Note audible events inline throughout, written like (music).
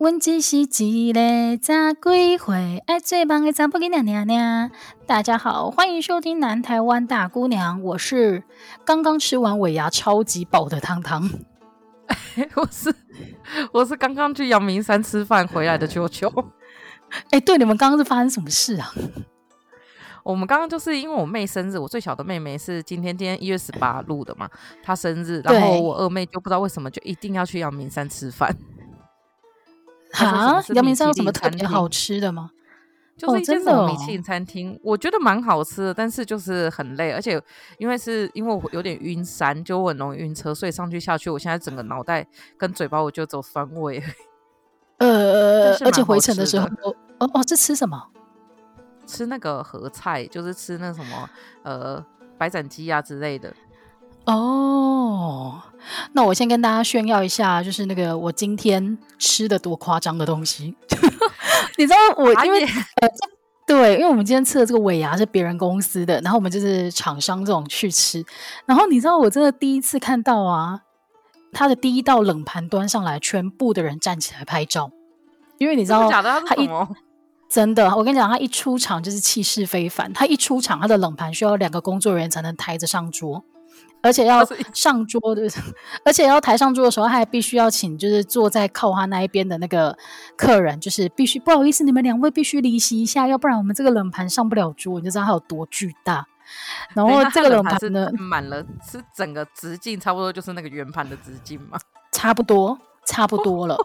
問自己幾個再幾回，愛最棒的再不給大家好，歡迎收聽南台灣大姑娘。我是剛剛吃完尾牙超級飽的湯湯，哎。我是我是剛剛去陽明山吃飯回來的球球。哎，對，你們剛剛是發生什麼事啊？我們剛剛就是因為我妹生日，我最小的妹妹是今天今天一月十八錄的嘛，她生日，對然後我二妹就不知道為什麼就一定要去陽明山吃飯。啊！陽明山有什麼特別好吃的嗎？就是真的米其林餐廳，我覺得蠻好吃的，但是就是很累，而且因為是因為我有點暈山，就我很容易暈車，所以上去下去，我現在整個腦袋跟嘴巴我就走酸味。呃，而且回程的時候我，哦哦哦，是吃什麼？吃那個和菜，就是吃那什麼呃白斬雞啊之類的。哦，oh, 那我先跟大家炫耀一下，就是那個我今天吃的多誇張的東西。 (laughs) 你知道我、啊、因為、啊呃、對，因為我們今天吃的這個尾牙是別人公司的，然後我們就是廠商這種去吃。然後你知道我真的第一次看到啊，他的第一道冷盤端上來，全部的人站起來拍照，因為你知道的他一他、哦、真的，我跟你講，他一出場就是氣勢非凡。他一出場，他的冷盤需要兩個工作人員才能抬着上桌。而且要上桌的， (laughs) 而且要台上桌的時候，他還必須要請就是坐在靠他那一邊的那個客人，就是必須不好意思，你們兩位必須離席一下，要不然我們這個冷盤上不了桌，你就知道它有多巨大。然後這個冷盤真的滿了是整個直徑差不多就是那個圓盤的直徑嘛？差不多，差不多了。哦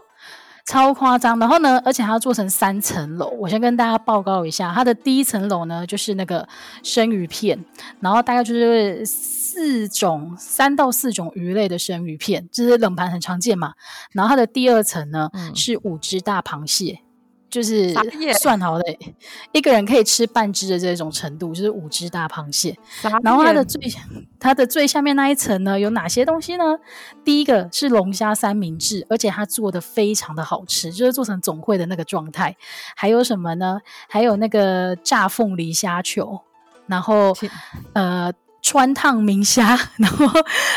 超誇張，然後呢，而且它做成三層樓。我先跟大家報告一下，它的第一層樓呢，就是那個生魚片，然後大概就是四種、三到四種魚類的生魚片，就是冷盤很常見嘛。然後它的第二層呢，嗯、是五隻大螃蟹。就是算好的、欸，眼一個人可以吃半隻的這種程度，就是五隻大螃蟹。眼然後它的最它的最下面那一層呢，有哪些東西呢？第一個是龍蝦三明治，而且它做的非常的好吃，就是做成總匯的那個狀態。還有什麼呢？還有那個炸鳳梨蝦球，然後去呃，川燙明蝦，然後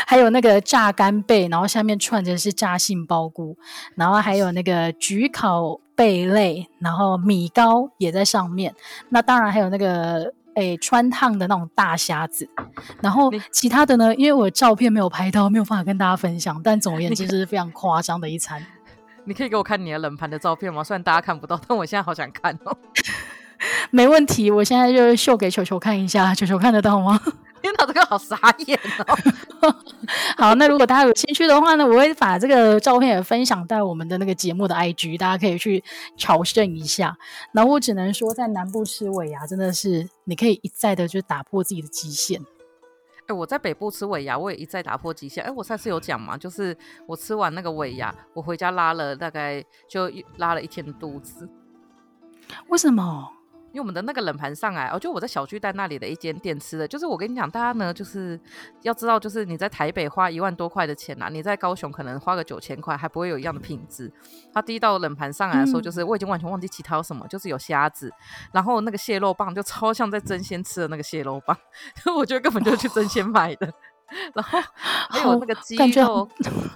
還有那個炸干貝，然後下面串着是炸杏鮑菇，然後還有那個焗烤。貝類，然後米糕也在上面。那當然還有那個誒、欸，川燙的那種大蝦子。然後其他的呢，你因為我照片沒有拍到，沒有辦法跟大家分享。但總而言之就是非常誇張的一餐你。你可以給我看你的冷盤的照片嗎？雖然大家看不到，但我現在好想看哦、喔。 (laughs) 沒問題，我現在就秀給球球看一下，球球看得到嗎？天哪，這個好傻眼哦、喔！ (laughs) 好，那如果大家有興趣的話呢，我會把這個照片也分享到我們的那個節目的 IG，大家可以去朝聖一下。那我只能說，在南部吃尾牙真的是，你可以一再的就打破自己的極限。哎、欸，我在北部吃尾牙，我也一再打破極限。哎、欸，我上次有講嘛，就是我吃完那個尾牙，我回家拉了大概就拉了一天的肚子。為什麼？因為我們的那個冷盤上來，哦，就我在小巨蛋那裡的一間店吃的，就是我跟你講，大家呢就是要知道，就是你在台北花一萬多塊的錢吶、啊，你在高雄可能花個九千塊，還不會有一樣的品質。他第一道冷盤上來的時候，就是我已經完全忘記其他有什麼，就是有蝦子，嗯、然後那個蟹肉棒就超像在爭鮮吃的那個蟹肉棒， (laughs) 我覺得根本就是去爭鮮買的，哦、然後還有那個雞肉。 (laughs)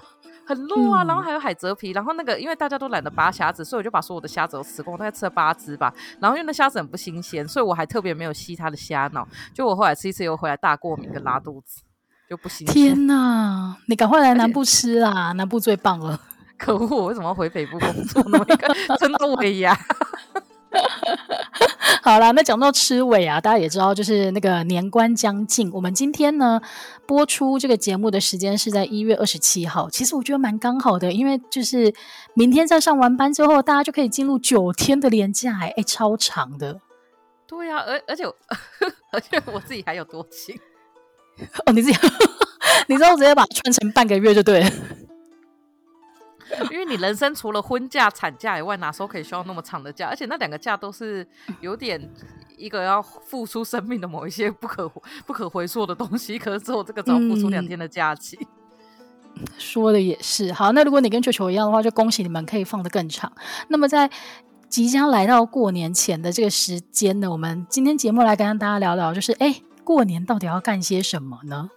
很糯啊，嗯、然後還有海蜇皮，然後那個因為大家都懶得扒蝦子，所以我就把所有的蝦子都吃光，大概吃了八隻吧。然後因為那蝦子很不新鮮，所以我還特別沒有吸它的蝦腦。就我後來吃一次又回來大過敏跟拉肚子，就不行。天哪，你趕快來南部吃啦，且南部最棒了！可惡，我為什麼要回北部工作？那麼一個呀 (laughs) (laughs) (laughs) (laughs) 好啦，那講到吃尾啊，大家也知道，就是那個年關將近。我們今天呢播出這個節目的時間是在一月二十七號，其實我覺得蠻剛好的，因為就是明天在上完班之後，大家就可以進入九天的連假，欸，哎、欸，超長的。對呀，啊，而而且呵呵而且我自己還有多請哦，你自己你知道，我直接把它串成半個月就對了。 (laughs) 因為你人生除了婚假、產假以外，哪時候可以休那麼長的假？而且那兩個假都是有點一個要付出生命的某一些不可不可回溯的東西，可是我這個只要付出兩天的假期、嗯。說的也是，好，那如果你跟球球一樣的話，就恭喜你們可以放得更長。那麼在即將來到過年前的這個時間呢，我們今天節目來跟大家聊聊，就是哎、欸，過年到底要幹些什麼呢？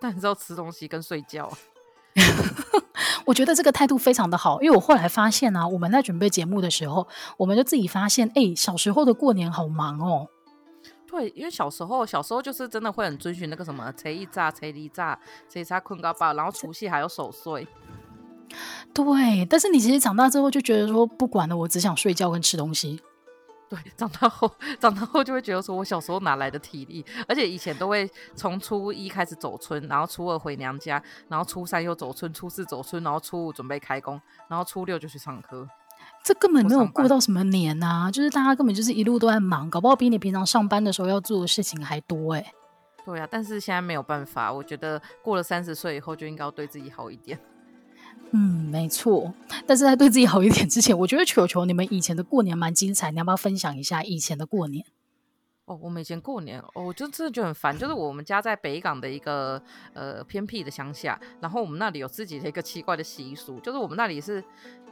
但你知道吃東西跟睡覺。 (laughs) 我覺得這個態度非常的好，因為我後來發現呢、啊，我們在準備節目的時候，我們就自己發現，誒，小時候的過年好忙哦。對，因為小時候，小時候就是真的會很遵循那個什麼，初一早，初二早，初三睏到飽，然後除夕還要守歲。對，但是你其實長大之後就覺得說，不管了，我只想睡覺跟吃東西。對，長大後長大後就會覺得說，我小時候哪來的體力？而且以前都會從初一開始走春，然後初二回娘家，然後初三又走春，初四走春，然後初五準備開工，然後初六就去唱歌。這根本沒有過到什麼年啊！就是大家根本就是一路都在忙，搞不好比你平常上班的時候要做的事情還多哎、欸。對啊，但是現在沒有辦法。我覺得過了三十歲以後，就應該要對自己好一點。嗯，沒錯。但是在對自己好一點之前，我覺得球球你們以前的過年蠻精彩，你要不要分享一下以前的過年？哦，我們以前過年，哦、我就真的覺得很煩。就是我們家在北港的一個呃偏僻的鄉下，然後我們那裡有自己的一個奇怪的習俗，就是我們那裡是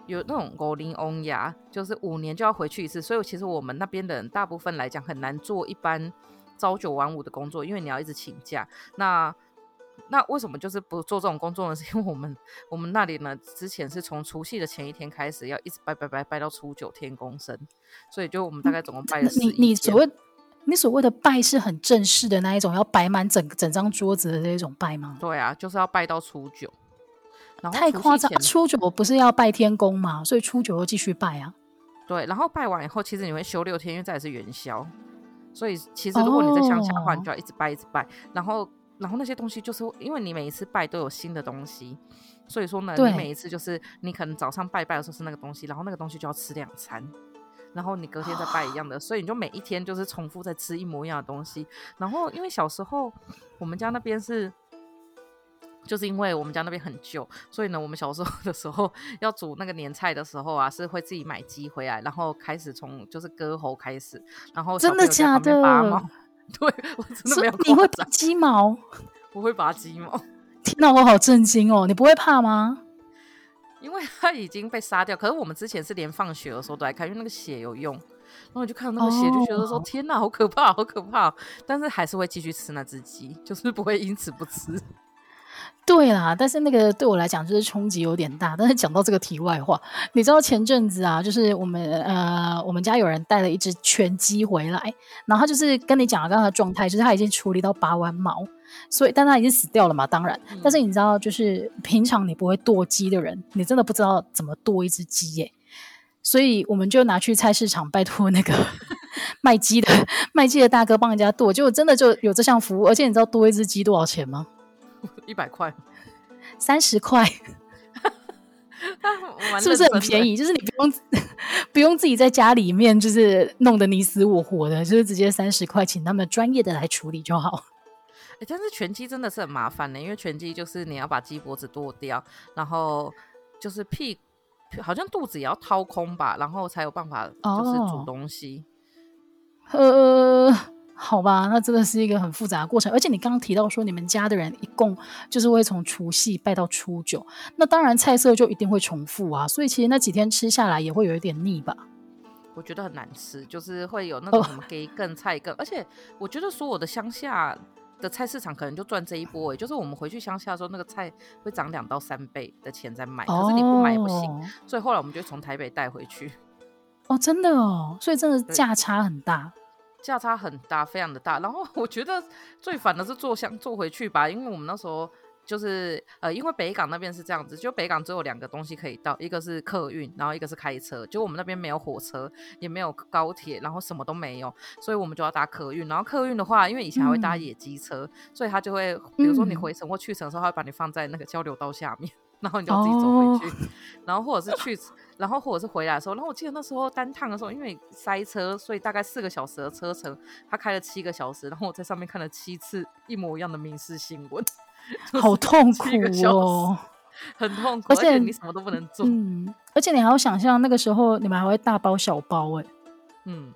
有那種五年王爺，就是五年就要回去一次。所以其實我們那邊的人大部分來講很難做一般朝九晚五的工作，因為你要一直請假。那那為什麼就是不做這種工作呢？是因為我們我們那裡呢，之前是從除夕的前一天開始，要一直拜拜拜拜到初九天公生，所以就我們大概總共拜了。你你所謂你所謂的拜是很正式的那一種，要擺滿整整張桌子的那一種拜嗎？對啊，就是要拜到初九。然後太誇張！初九不是要拜天公嗎？所以初九又繼續拜啊。對，然後拜完以後，其實你會休六天，因為這也是元宵，所以其實如果你在鄉下的話，哦、你就要一直拜一直拜，然後。然後那些東西就是因為你每一次拜都有新的東西，所以說呢，你每一次就是你可能早上拜拜的時候是那個東西，然後那個東西就要吃兩餐，然後你隔天再拜一樣的，所以你就每一天就是重複在吃一模一樣的東西。然後因為小時候我們家那邊是，就是因為我們家那邊很舊，所以呢，我們小時候的時候要煮那個年菜的時候啊，是會自己買雞回來，然後開始從就是割喉開始，然後真的假的？對，我真的沒有。你會拔雞毛？不會拔雞毛。天哪、啊，我好震驚哦！你不會怕嗎？因為它已經被殺掉，可是我們之前是連放血的時候都來看，因為那個血有用。然後我就看到那個血，就覺得說：oh. 天哪、啊，好可怕，好可怕、哦！但是還是會繼續吃那隻雞，就是不會因此不吃。對啦，但是那個對我來講就是衝擊有點大。但是講到這個題外話，你知道前陣子啊，就是我們呃，我們家有人帶了一隻全雞回來，然後他就是跟你講了剛剛的狀態，就是他已經處理到拔完毛，所以但他已經死掉了嘛，當然。嗯、但是你知道，就是平常你不會剁雞的人，你真的不知道怎麼剁一隻雞耶、欸。所以我們就拿去菜市場，拜託那個 (laughs) 賣雞的賣雞的大哥幫人家剁，就真的就有這項服務。而且你知道剁一隻雞多少錢嗎？一百塊塊，三十塊，是不是很便宜？就是你不用 (laughs) 不用自己在家裡面，就是弄得你死我活的，就是直接三十塊，請他們專業的來處理就好。哎、欸，但是全雞真的是很麻煩的、欸，因為全雞就是你要把雞脖子剁掉，然後就是屁，好像肚子也要掏空吧，然後才有辦法就是煮東西。Oh. 呃。好吧，那真的是一個很複雜的過程，而且你剛剛提到說你們家的人一共就是會從除夕拜到初九，那當然菜色就一定會重複啊，所以其實那幾天吃下來也會有一點膩吧。我覺得很難吃，就是會有那個什麼給更菜更，哦、而且我覺得說我的鄉下的菜市場可能就賺這一波、欸，誒，就是我們回去鄉下的時候那個菜會漲兩到三倍的錢在賣，哦、可是你不買也不行，所以後來我們就從台北帶回去。哦，真的哦，所以真的價差很大。價差很大，非常的大。然後我覺得最煩的是坐鄉坐回去吧，因為我們那時候就是呃，因為北港那邊是這樣子，就北港只有兩個東西可以到，一個是客運，然後一個是開車。就我們那邊沒有火車，也沒有高鐵，然後什麼都沒有，所以我們就要搭客運。然後客運的話，因為以前還會搭野雞車，嗯、所以他就會，比如說你回程或去程的時候，他會把你放在那個交流道下面。然後你就自己走回去，oh. 然後或者是去，然後或者是回來的時候。然後我記得那時候單趟的時候，因為塞車，所以大概四個小時的車程，他開了七個小時。然後我在上面看了七次一模一樣的民視新聞，就是、七個小時好痛苦哦，很痛苦，而且，而且你什麼都不能做。嗯，而且你還要想象那個時候你們還會大包小包誒、欸，嗯，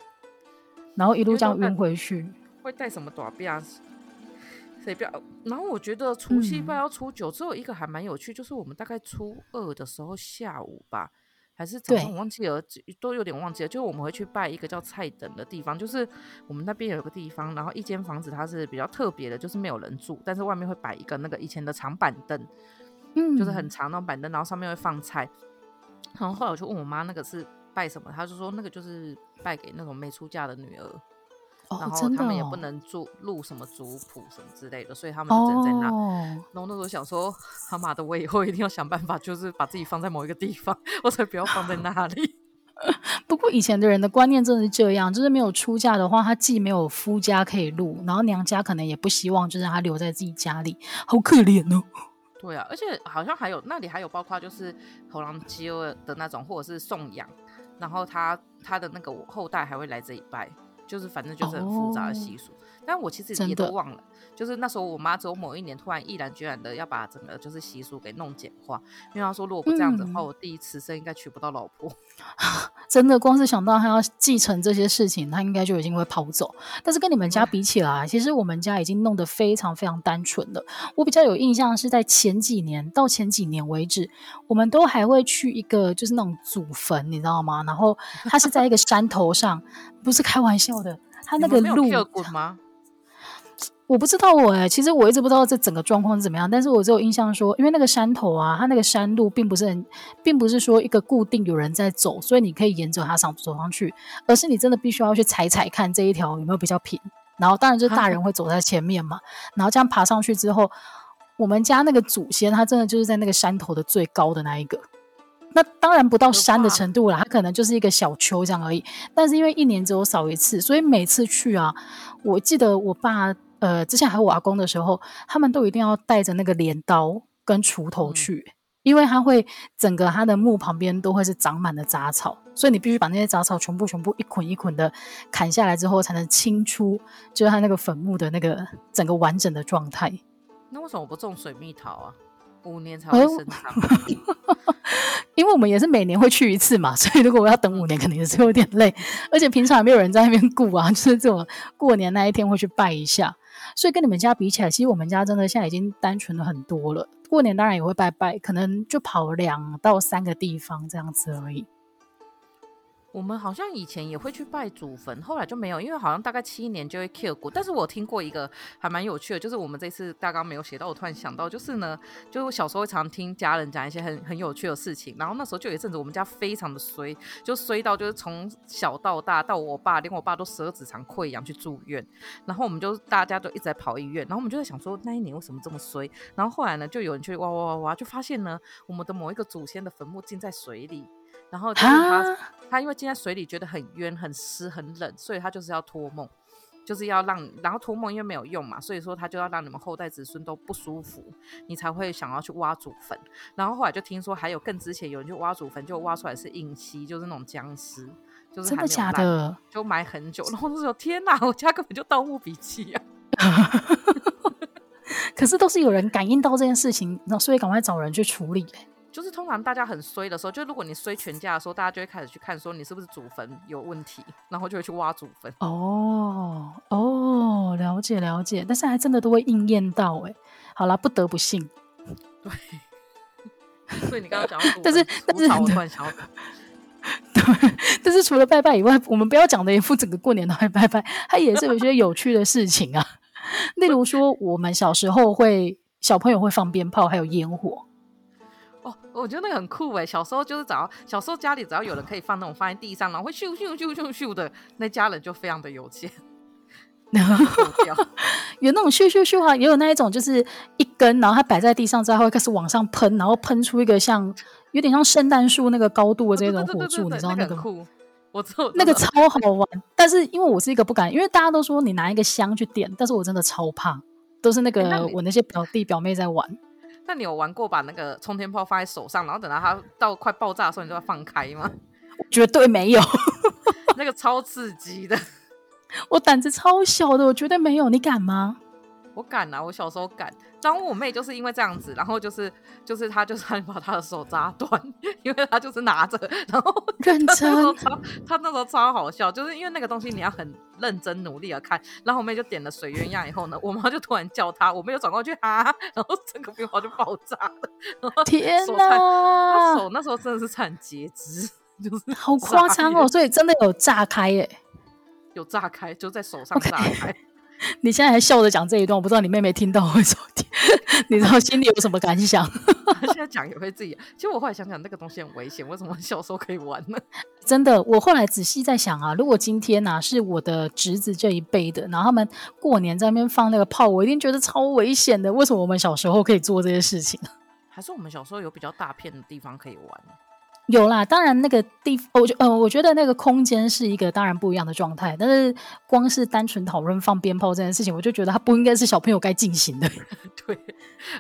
然後一路這樣運回去，會帶什麼躲避啊？非標，然後我覺得除夕拜到初九之後，只有一個還蠻有趣，就是我們大概初二的時候下午吧，還是早上忘記了，對都有點忘記了。就我們會去拜一個叫菜等的地方，就是我們那邊有個地方，然後一間房子它是比較特別的，就是沒有人住，但是外面會擺一個那個以前的長板凳，嗯，就是很長那種板凳，然後上面會放菜。然後後來我就問我媽那個是拜什麼，她就說那個就是拜給那種沒出嫁的女兒。然後他們也不能做錄、oh, 哦、什麼族譜什麼之類的，所以他們只能在那。Oh. 然後那時候想說，他媽的，我以後一定要想辦法，就是把自己放在某一個地方，我才不要放在那裡。 (laughs) 不過以前的人的觀念真的是這樣，就是沒有出嫁的話，她既沒有夫家可以錄，然後娘家可能也不希望，就是她留在自己家裡，好可憐哦。對啊，而且好像還有那裡還有包括就是頭狼餓的那種，或者是送養，然後他他的那個後代還會來這裡拜。就是反正就是很複雜的習俗，oh. 但我其實也都忘了。就是那時候，我媽走某一年突然毅然決然的要把整個就是習俗給弄簡化，因為她說如果不這樣子的話，嗯、我第一次生應該娶不到老婆。真的，光是想到她要繼承這些事情，她應該就已經會跑走。但是跟你們家比起來，嗯、其實我們家已經弄得非常非常單純了。我比較有印象是在前幾年到前幾年為止，我們都還會去一個就是那種祖墳，你知道嗎？然後它是在一個山頭上， (laughs) 不是開玩笑的，它那個路。我不知道我哎、欸，其實我一直不知道這整個狀況是怎麼樣，但是我只有印象說，因為那個山頭啊，它那個山路並不是很，並不是說一個固定有人在走，所以你可以沿着它上走上去，而是你真的必須要去踩踩看這一條有沒有比較平。然後當然就是大人會走在前面嘛，然後這樣爬上去之後，我們家那個祖先他真的就是在那個山頭的最高的那一個，那當然不到山的程度啦，他可能就是一個小丘這樣而已。但是因為一年只有掃一次，所以每次去啊，我記得我爸。呃，之前還有我阿公的時候，他們都一定要帶着那個鐮刀跟鋤頭去，嗯、因為他會整個他的墓旁邊都會是長滿了雜草，所以你必須把那些雜草全部全部一捆一捆的砍下來之後，才能清出就是他那個墳墓的那個整個完整的狀態。那為什麼我不種水蜜桃啊？五年才會生、欸、 (laughs) 因為我們也是每年會去一次嘛，所以如果我要等五年，肯定也是有點累，而且平常也沒有人在那邊顧啊，就是這種過年那一天會去拜一下。所以跟你們家比起來，其實我們家真的現在已經單純了很多了。過年當然也會拜拜，可能就跑兩到三個地方這樣子而已。我們好像以前也會去拜祖墳，後來就沒有，因為好像大概七年就會撿骨。但是我聽過一個還蠻有趣的，就是我們這次大綱沒有寫到，我突然想到，就是呢，就是我小時候會常聽家人講一些很很有趣的事情。然後那時候就有一陣子我們家非常的衰，就衰到就是從小到大到我爸，連我爸都十二指腸潰瘍去住院，然後我們就大家就一直在跑醫院，然後我們就在想說那一年為什麼這麼衰？然後後來呢，就有人去挖挖挖挖，就發現呢我們的某一個祖先的墳墓浸在水裡。然後他蛤他因為今天水裡覺得很冤，很濕很冷，所以他就是要托夢，就是要讓然後托夢因為沒有用嘛，所以說他就要讓你們後代子孫都不舒服，你才會想要去挖祖墳。然後後來就聽說還有更之前有人去挖祖墳，就挖出來是蔭屍，就是那種僵屍，就是真的假的？就埋很久，然後就說天哪，我家根本就盜墓筆記啊！ (laughs) (laughs) 可是都是有人感應到這件事情，然後所以趕快找人去處理。就是通常大家很衰的時候，就如果你衰全家的時候，大家就會開始去看說你是不是祖墳有問題，然後就會去挖祖墳。哦哦，了解了解，但是還真的都會應驗到哎、欸。好啦，不得不信。對，所以你剛剛講，但是但是，對，但是除了拜拜以外，我們不要講的也不整個過年都會拜拜，它也是有一些有趣的事情啊。 (laughs) (laughs) 例如說，我們小時候會小朋友會放鞭炮，還有煙火。我覺得那個很酷哎、欸！小時候就是只要小時候家裡只要有人可以放那種放在地上然後會咻咻咻咻咻的，那家人就非常的有錢。 (laughs) 掉 (laughs) 有那種咻咻咻啊，也有那一種就是一根，然後它擺在地上之後會開始往上噴，然後噴出一個像有點像聖誕樹那個高度的這種火柱，你知道那個，對對對、那個、很酷？我知道那個超好玩。 (laughs) 但是因為我是一個不敢，因為大家都說你拿一個香去點，但是我真的超怕，都是那個我那些表弟表妹在玩。欸 (laughs) 那你有玩過把那個沖天炮放在手上，然後等到它到快爆炸的時候你就要放開嗎？絕對沒有， (laughs) 那個超刺激的，我膽子超小的，我絕對沒有。你敢嗎？我敢啊！我小時候敢。然後我妹就是因為這樣子，然後就是就是她就是把她的手扎斷，因為她就是拿着，然後認真她那時候她那時候超好笑，就是因為那個東西你要很認真努力的看。然後我妹就點了水鴛鴦以後呢，我媽就突然叫她，我妹就轉過去啊，然後整個棉花就爆炸了，然後手天吶、啊，她手那時候真的是慘截肢，就是好誇張哦，所以真的有炸開耶，有炸開，就在手上炸開。Okay 你現在還笑着講這一段，我不知道你妹妹聽到會怎麼聽，你知道心裡有什麼感想？ (laughs) 現在講也會自己。其實我後來想想，那個東西很危險，為什麼小時候可以玩呢？真的，我後來仔細在想啊，如果今天吶、啊、是我的侄子這一輩的，然後他們過年在那邊放那個炮，我一定覺得超危險的。為什麼我們小時候可以做這些事情？還是我們小時候有比較大片的地方可以玩？有啦，當然那個地，我就、呃、我覺得那個空間是一個當然不一樣的狀態，但是光是單純討論放鞭炮這件事情，我就覺得它不應該是小朋友該進行的。對，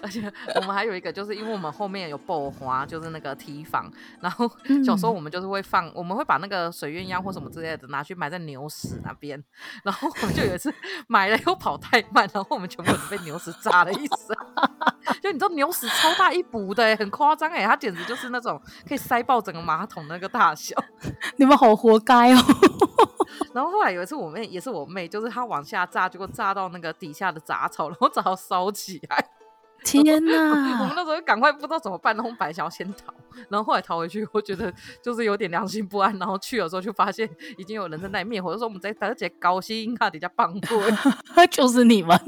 而且我們還有一個，就是因為我們後面有爆花，就是那個堤防，然後小時候我們就是會放，嗯、我們會把那個水鴛鴦或什麼之類的拿去埋在牛屎那邊，然後我們就有一次埋了又跑太慢，然後我們全部被牛屎炸了一次。 (laughs) 就你知道牛屎超大一補的，欸，很誇張誒，它簡直就是那種可以塞爆整個馬桶那個大小。你們好活該哦。 (laughs) 然後後來有一次，我妹也是我妹，就是她往下炸，結果炸到那個底下的雜草，然後正好燒起來。天哪、就是！我們那時候就趕快不知道怎麼辦，然後白小先逃，然後後來逃回去，我覺得就是有點良心不安。然後去了之後，就發現已經有人在那裡滅火，嗯、我就說我們在而且高興啊，底下幫。過， (laughs) 就是你們。 (laughs)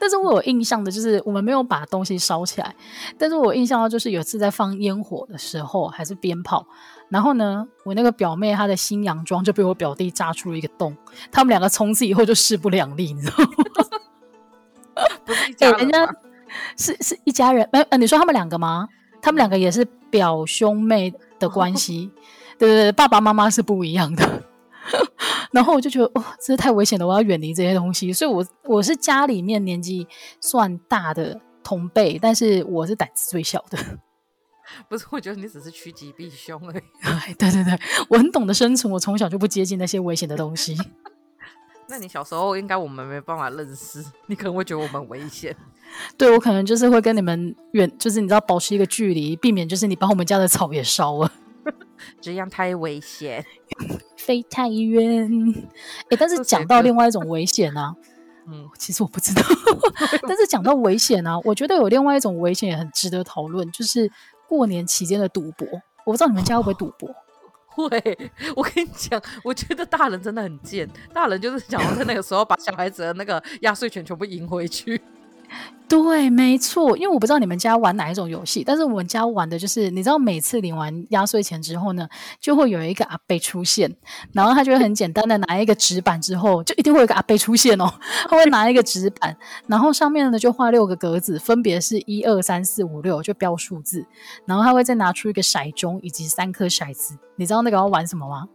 但是我有印象的就是我們沒有把東西燒起來，但是我有印象到就是有一次在放煙火的時候，還是鞭炮，然後呢，我那個表妹她的新洋裝就被我表弟炸出了一個洞，他們兩個從此以後就勢不兩立，你知道嗎？哎， (laughs) 人家、欸。欸是是一家人，哎、呃呃，你說他們兩個嗎？他們兩個也是表兄妹的關係，哦、對,對,對，爸爸媽媽是不一樣的。 (laughs) 然後我就覺得，哇、哦，這太危險了，我要遠離這些東西。所以我，我我是家裡面年紀算大的同輩，但是我是膽子最小的。不是，我覺得你只是趨吉避凶而已。 (laughs) 對對對，我很懂得生存，我從小就不接近那些危險的東西。那你小時候應該我們沒辦法認識，你可能會覺得我們危險。對，我可能就是會跟你們遠，就是你知道保持一個距離，避免就是你把我們家的草也燒了。這樣太危險， (laughs) 飛太遠。哎、欸，但是講到另外一種危險呢、啊， (laughs) 嗯，其實我不知道。 (laughs) 但是講到危險呢、啊，我覺得有另外一種危險也很值得討論，就是過年期間的賭博。我不知道你們家會不會賭博。哦對，我跟你講，我覺得大人真的很賤。大人就是想要在那個時候把小孩子的那個壓歲錢全部贏回去。對，沒錯，因為我不知道你們家玩哪一種遊戲，但是我們家玩的就是，你知道每次領完壓歲錢之後呢，就會有一個阿伯出現，然後他就會很簡單的拿一個紙板之後，就一定會有一個阿伯出現哦，他會拿一個紙板，然後上面呢就畫六個格子，分別是一二三四五六，就標數字，然後他會再拿出一個骰盅以及三顆骰子，你知道那個要玩什麼嗎？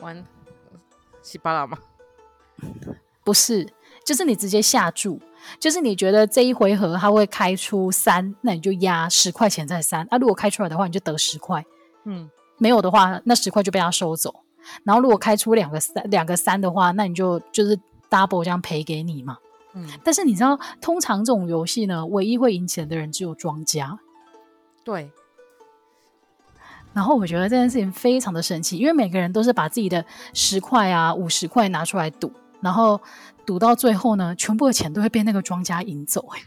玩西巴拉嗎？不是，就是你直接下注。就是你覺得這一回合他會開出三，那你就壓十塊錢在三。啊，如果開出來的話，你就得十塊。嗯，沒有的話，那十塊就被他收走。然後如果開出兩個三，兩個三的話，那你就就是 double 這樣賠給你嘛。嗯，但是你知道，通常這種遊戲呢，唯一會贏錢的人只有莊家。對。然後我覺得這件事情非常的神奇，因為每個人都是把自己的十塊啊、五十塊拿出來賭，然後。賭到最後呢，全部的錢都會被那個莊家贏走，欸。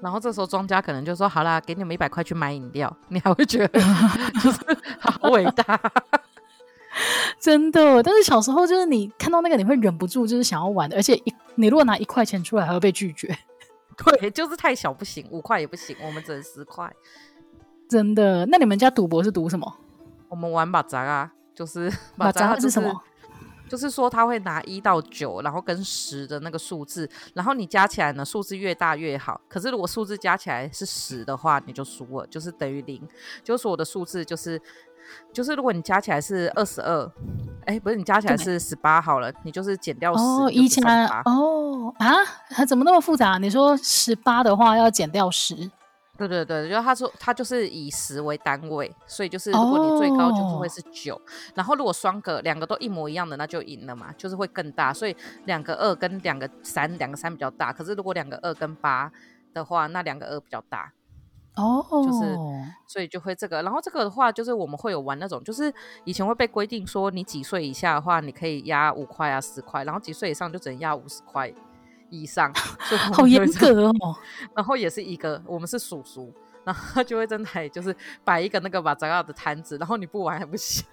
然後這時候莊家可能就說：“好啦，給你們一百塊去買飲料。”你還會覺得 (laughs) 就是好偉大， (laughs) 真的。但是小時候就是你看到那個，你會忍不住就是想要玩的。而且一你如果拿一塊錢出來，還會被拒絕。對，對，就是太小不行，五塊也不行，我們只能十塊。真的？那你們家賭博是賭什麼？我們玩馬扎啊，就是馬扎、就是、馬扎是什麼？就是說他會拿一到九，然後跟十的那個數字，然後你加起來呢，數字越大越好。可是如果數字加起來是十的話，你就輸了，就是等於零。就是、說我的數字就是，就是如果你加起來是二十二，哎，不是你加起來是十八好了，沒你就是減掉十一千。哦、oh, 啊，他怎麼那麼複雜？你說十八的話要減掉十。對對對，就他說他就是以十為單位，所以就是如果你最高就是會是九，oh. 然後如果雙個兩個都一模一樣的，那就贏了嘛，就是會更大，所以兩個二跟兩個三，兩個三比較大，可是如果兩個二跟八的話，那兩個二比較大，哦，oh. 就是所以就會這個，然後這個的話就是我們會有玩那種，就是以前會被規定說你幾歲以下的話，你可以壓五塊啊十塊，然後幾歲以上就只能壓五十塊。以上以就好嚴格哦，然後也是一個，我們是叔叔然後就會在那裡就是擺一個那個瓦雜爾的攤子，然後你不玩還不行。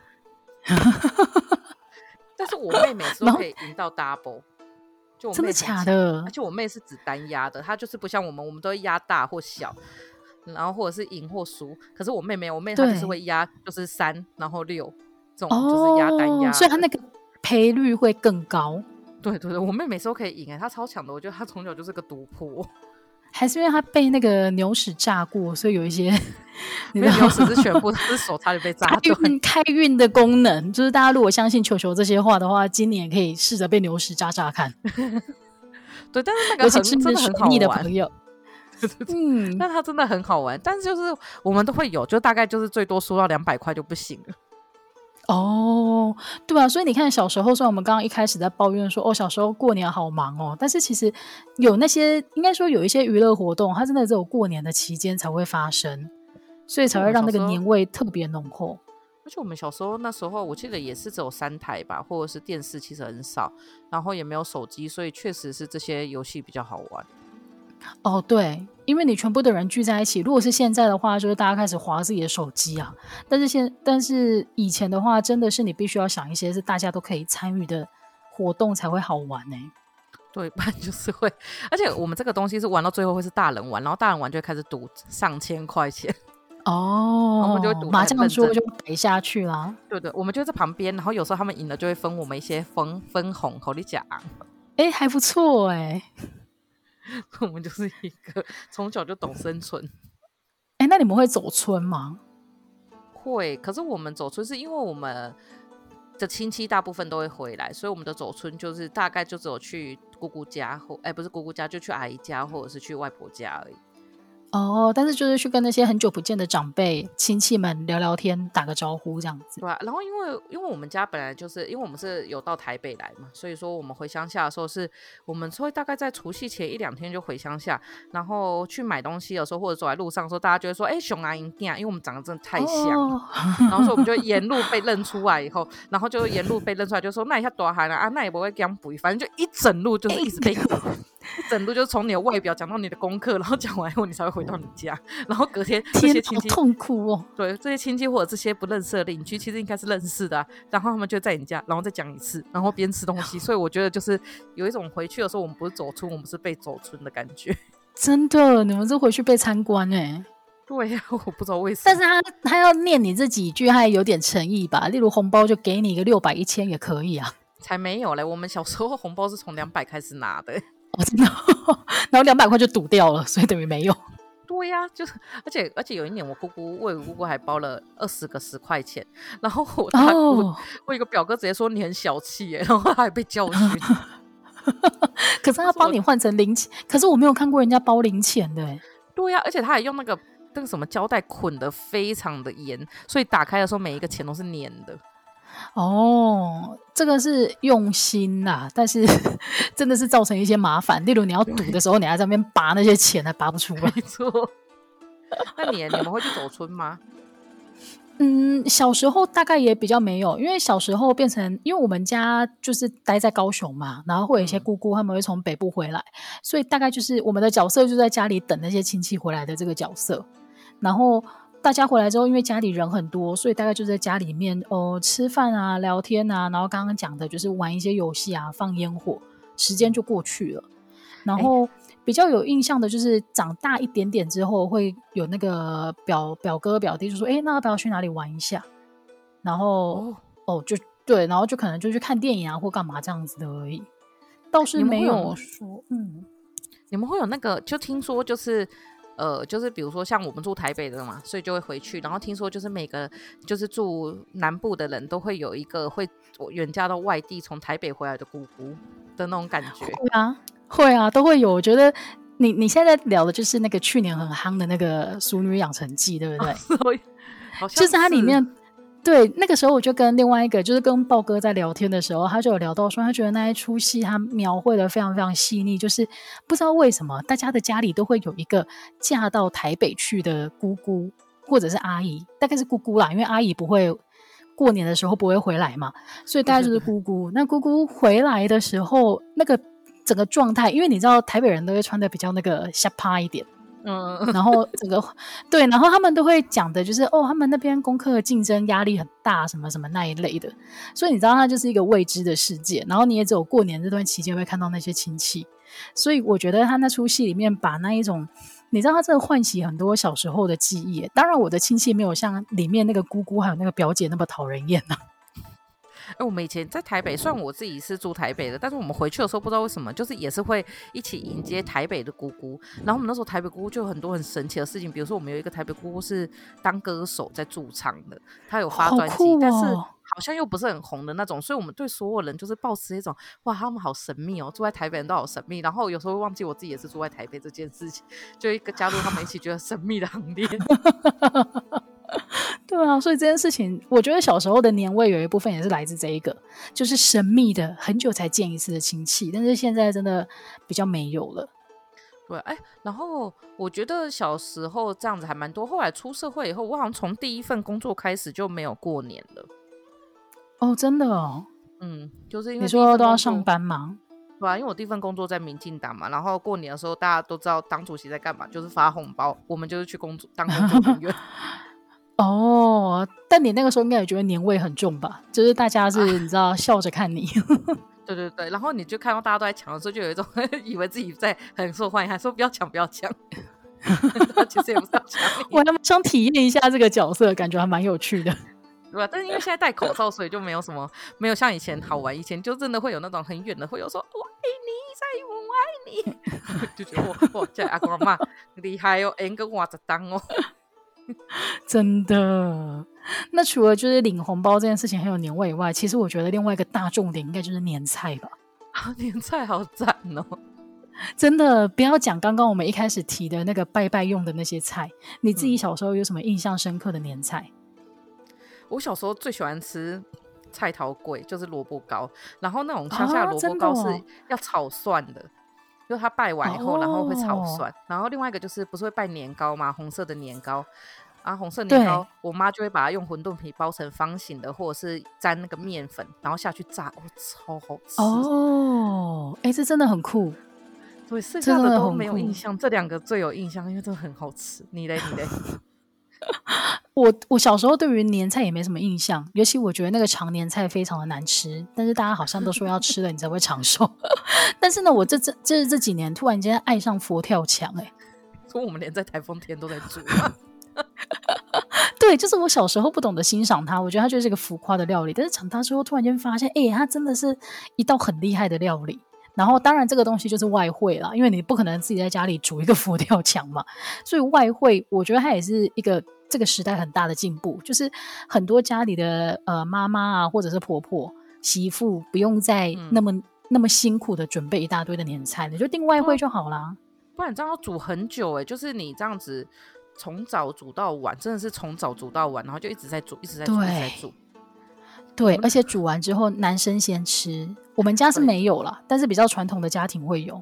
(laughs) (laughs) 但是我妹妹是可以贏到 double，後就真的假的，而且我妹是只單壓的，她就是不像我們，我們都會壓大或小，然後或者是贏或輸。可是我妹妹，對我妹她就是會壓就是三然後六這種就是壓單壓，哦、是所以她那個賠率會更高。對對對，我妹每次都可以贏哎，她超強的，我覺得她從小就是個毒婆，還是因為她被那個牛屎炸過，所以有一些沒牛屎是全部，是手差點被炸斷 (laughs) 開、開運的功能，就是大家如果相信球球這些話的話，今年可以試着被牛屎炸炸看。 (laughs) 對，但是那個很其是真的很好玩。的朋友 (laughs) 嗯，但他真的很好玩，但是就是我們都會有，就大概就是最多輸到兩百塊就不行了。哦，oh, 對啊，所以你看，小時候，雖然我們剛剛一開始在抱怨說，哦，小時候過年好忙哦，但是其實有那些，應該說有一些娛樂活動，它真的只有過年的期間才會發生，所以才會讓那個年味特別濃厚。而且我們小時候那時候，我記得也是只有三台吧，或者是電視其實很少，然後也沒有手機，所以確實是這些遊戲比較好玩。哦，對，因為你全部的人聚在一起，如果是現在的話，就是大家開始滑自己的手機啊。但是現，但是以前的話，真的是你必須要想一些是大家都可以參與的活動才會好玩呢、欸。對，就是會，而且我們這個東西是玩到最後會是大人玩，然後大人玩就會開始賭上千塊錢哦，我們就會賭麻將桌就賠下去了。對的，我們就在旁邊，然後有時候他們贏了就會分我們一些分分紅，口你講，哎，還不錯哎、欸。 (laughs) 我們就是一個從小就懂生存。哎、欸，那你們會走春嗎？會，可是我們走春是因為我們的親戚大部分都會回來，所以我們的走春就是大概就只有去姑姑家或誒，欸、不是姑姑家，就去阿姨家或者是去外婆家而已。哦，但是就是去跟那些很久不見的長輩、親戚們聊聊天，打個招呼這樣子。對啊，然後因為因為我們家本來就是，因為我們是有到台北來嘛，所以說我們回鄉下的時候是，是我們會大概在除夕前一兩天就回鄉下，然後去買東西的時候或者走在路上的時候，大家就會說，哎、欸，熊阿姨囝，因為我們長得真的太像了，哦、然後說我們就沿路被認出來以後， (laughs) 然後就沿路被認出來就，就說那一下多好了啊，那也不會給他們補一，反正就一整路就是一直被。 (laughs) 整路就是從你的外表講到你的功課，然後講完以後你才會回到你家，然後隔天這些親戚痛苦哦。對，這些親戚或者這些不認識的鄰居，其實應該是認識的、啊，然後他們就在你家，然後再講一次，然後邊吃東西。嗯、所以我覺得就是有一種回去的時候，我們不是走出，我們是被走出的感覺。真的，你們是回去被參觀哎、欸。對呀，我不知道為什麼。但是他他要念你這幾句，他也有點誠意吧？例如紅包就給你一個六百一千也可以啊。才沒有嘞，我們小時候紅包是從兩百開始拿的。 (laughs) 然後，然後兩百塊就賭掉了，所以等於沒有。對呀、啊，就是，而且，而且有一年我姑姑為我姑姑還包了二十個十塊錢，然後我、oh. 我一個表哥直接說，你很小氣耶、欸，然後他還被教訓。 (laughs) 可是他幫你換成零錢，說可是我沒有看過人家包零錢的、欸。對呀、啊，而且他還用那個那個什麼膠帶捆的非常的嚴，所以打開的時候每一個錢都是粘的。哦，這個是用心吶、啊，但是真的是造成一些麻煩。例如你要賭的時候，你還在那邊拔那些錢還拔不出來。沒錯。那你你們會去走春嗎？嗯，小時候大概也比較沒有，因為小時候變成因為我們家就是待在高雄嘛，然後會有一些姑姑他們會從北部回來，嗯、所以大概就是我們的角色就在家裡等那些親戚回來的這個角色，然後。大家回來之後，因為家裡人很多，所以大概就在家裡面哦、呃、吃飯啊、聊天啊，然後剛剛講的就是玩一些遊戲啊、放煙火，時間就過去了。然後比較有印象的就是長大一點點之後，會有那個表表哥表弟就說：“誒、欸，那要不要去哪裡玩一下？”然後哦，哦，就對，然後就可能就去看電影啊或幹嘛這樣子的而已。倒是沒有，有說，嗯，你們會有那個？就聽說就是。呃，就是比如說像我們住台北的嘛，所以就會回去。然後聽說就是每個就是住南部的人都會有一個會遠嫁到外地，從台北回來的姑姑的那種感覺。對啊，會啊，都會有。我覺得你你現在聊的就是那個去年很夯的那個《熟女養成記》， (laughs) 對不對？ (laughs) 好像是。就是它裡面。對，那個時候我就跟另外一個，就是跟豹哥在聊天的時候，他就有聊到說，他覺得那一出戲他描繪的非常非常細膩。就是不知道為什麼，大家的家裡都會有一個嫁到台北去的姑姑或者是阿姨，大概是姑姑啦，因為阿姨不會過年的時候不會回來嘛，所以大家就是姑姑。 (laughs) 那姑姑回來的時候，那個整個狀態，因為你知道台北人都會穿的比較那個下趴一點。嗯， (laughs) 然後這個對，然後他們都會講的，就是哦，他們那邊功課競爭壓力很大，什麼什麼那一類的。所以你知道，他就是一個未知的世界。然後你也只有過年這段期間會看到那些親戚。所以我覺得他那出戲裡面把那一種，你知道，他這個喚起很多小時候的記憶。當然，我的親戚沒有像裡面那個姑姑還有那個表姐那麼討人厭啊。哎、欸，我們以前在台北，雖然我自己是住台北的，但是我們回去的時候不知道為什麼，就是也是會一起迎接台北的姑姑。然後我們那時候台北姑姑就有很多很神奇的事情，比如說我們有一個台北姑姑是當歌手在駐唱的，她有發專輯，喔、但是好像又不是很紅的那種。所以我們對所有人就是抱持一種哇，他們好神秘哦、喔，住在台北人都好神秘。然後有時候會忘記我自己也是住在台北這件事情，就一個加入他們一起覺得神秘的行列。 (laughs) (laughs) 對啊，所以這件事情，我覺得小時候的年味有一部分也是來自這一個，就是神秘的，很久才見一次的親戚。但是現在真的比較沒有了。對啊，哎，然後我覺得小時候這樣子還蠻多。後來出社會以後，我好像從第一份工作開始就沒有過年了。哦？真的哦？嗯，就是因為你說都要上班嗎？對啊，因為我第一份工作在民進黨嘛，然後過年的時候大家都知道黨主席在幹嘛，就是發紅包，我們就是去工作當工作人員 (laughs) 哦，但你那個時候應該也覺得年味很重吧？就是大家是你知道笑着看你，對對對，然後你就看到大家都在搶的時候，就有一種以為自己在很受歡迎，還說不要搶，不要搶。其實也不少我那麼想體驗一下這個角色，感覺還蠻有趣的，對吧？但是因為現在戴口罩，所以就沒有什麼，沒有像以前好玩。以前就真的會有那種很遠的，會有說我愛你，在我愛你，就覺得我我叫阿公阿媽，厲害哦，連跟我十張哦。 (laughs) 真的，那除了就是領紅包這件事情，還有年味以外，其實我覺得另外一個大重點應該就是年菜吧？啊、年菜好讚哦，真的不要講剛剛我們一開始提的那個拜拜用的那些菜，你自己小時候有什麼印象深刻的年菜？嗯、我小時候最喜歡吃菜頭粿，就是蘿蔔糕，然後那種鄉下蘿蔔糕，啊哦，是要炒蒜的。就他拜完以後，哦、然後會炒酸。然後另外一個就是不是會拜年糕嘛，紅色的年糕，然、啊、後紅色年糕，對我媽就會把它用餛飩皮包成方形的，或者是沾那個麵粉，然後下去炸，哦，超好吃！哦，哎，這真的很酷，對，剩下的都沒有印象，這兩個最有印象，因為都很好吃。你嘞，你嘞。 (laughs) 我我小時候對於年菜也沒什麼印象，尤其我覺得那個長年菜非常的難吃，但是大家好像都說要吃了你才會長壽。 (laughs) 但是呢，我這這這這幾年突然間愛上佛跳牆哎、欸，說我們連在颱風天都在做， (laughs) (laughs) 對，就是我小時候不懂得欣賞它，我覺得它就是一個浮誇的料理。但是長大之後突然間發現，哎、欸，它真的是一道很厲害的料理。然後當然這個東西就是外燴了，因為你不可能自己在家裡煮一個佛跳牆嘛，所以外燴我覺得它也是一個。這個時代很大的進步，就是很多家裡的呃媽媽啊，或者是婆婆、媳婦不用再那麼、嗯、那麼辛苦的準備一大堆的年菜，你就訂外燴就好了、嗯。不然你這樣要煮很久哎、欸，就是你這樣子從早煮到晚，真的是從早煮到晚，然後就一直在煮，一直在煮，對一直在煮。一直在煮對，而且煮完之後男生先吃，我們家是沒有了，對但是比較傳統的家庭會有。